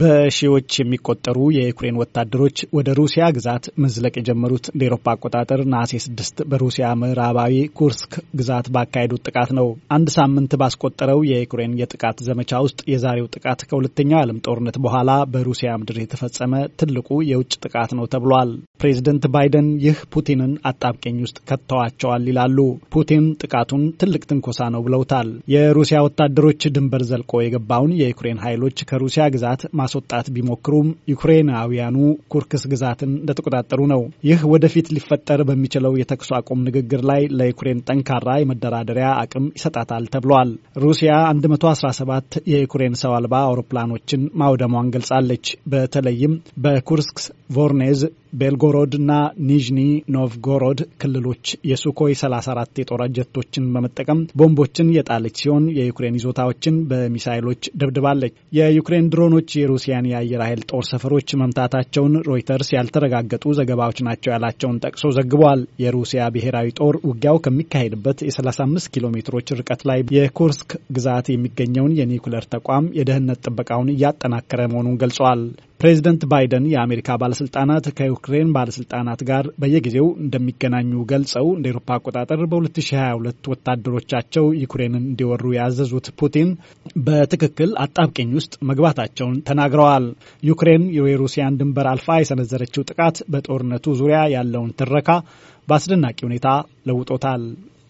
በሺዎች የሚቆጠሩ የዩክሬን ወታደሮች ወደ ሩሲያ ግዛት መዝለቅ የጀመሩት እንደ ኤሮፓ አቆጣጠር ነሐሴ ስድስት በሩሲያ ምዕራባዊ ኩርስክ ግዛት ባካሄዱት ጥቃት ነው። አንድ ሳምንት ባስቆጠረው የዩክሬን የጥቃት ዘመቻ ውስጥ የዛሬው ጥቃት ከሁለተኛው የዓለም ጦርነት በኋላ በሩሲያ ምድር የተፈጸመ ትልቁ የውጭ ጥቃት ነው ተብሏል። ፕሬዚደንት ባይደን ይህ ፑቲንን አጣብቄኝ ውስጥ ከተዋቸዋል ይላሉ። ፑቲን ጥቃቱን ትልቅ ትንኮሳ ነው ብለውታል። የሩሲያ ወታደሮች ድንበር ዘልቆ የገባውን የዩክሬን ኃይሎች ከሩሲያ ግዛት ለማስወጣት ቢሞክሩም ዩክሬናውያኑ ኩርክስ ግዛትን እንደተቆጣጠሩ ነው። ይህ ወደፊት ሊፈጠር በሚችለው የተኩስ አቁም ንግግር ላይ ለዩክሬን ጠንካራ የመደራደሪያ አቅም ይሰጣታል ተብሏል። ሩሲያ 117 የዩክሬን ሰው አልባ አውሮፕላኖችን ማውደሟን ገልጻለች። በተለይም በኩርስክ፣ ቮርኔዝ፣ ቤልጎሮድ እና ኒዥኒ ኖቭጎሮድ ክልሎች የሱኮይ 34 የጦር ጀቶችን በመጠቀም ቦምቦችን የጣለች ሲሆን የዩክሬን ይዞታዎችን በሚሳይሎች ደብድባለች። የዩክሬን ድሮኖች የሩሲያን የአየር ኃይል ጦር ሰፈሮች መምታታቸውን ሮይተርስ ያልተረጋገጡ ዘገባዎች ናቸው ያላቸውን ጠቅሶ ዘግቧል። የሩሲያ ብሔራዊ ጦር ውጊያው ከሚካሄድበት የ35 ኪሎ ሜትሮች ርቀት ላይ የኩርስክ ግዛት የሚገኘውን የኒውክለር ተቋም የደህንነት ጥበቃውን እያጠናከረ መሆኑን ገልጿል። ፕሬዚደንት ባይደን የአሜሪካ ባለስልጣናት ከዩክሬን ባለስልጣናት ጋር በየጊዜው እንደሚገናኙ ገልጸው እንደ ኤሮፓ አቆጣጠር በ2022 ወታደሮቻቸው ዩክሬንን እንዲወሩ ያዘዙት ፑቲን በትክክል አጣብቂኝ ውስጥ መግባታቸውን ተናግረዋል። ዩክሬን የሩሲያን ድንበር አልፋ የሰነዘረችው ጥቃት በጦርነቱ ዙሪያ ያለውን ትረካ በአስደናቂ ሁኔታ ለውጦታል።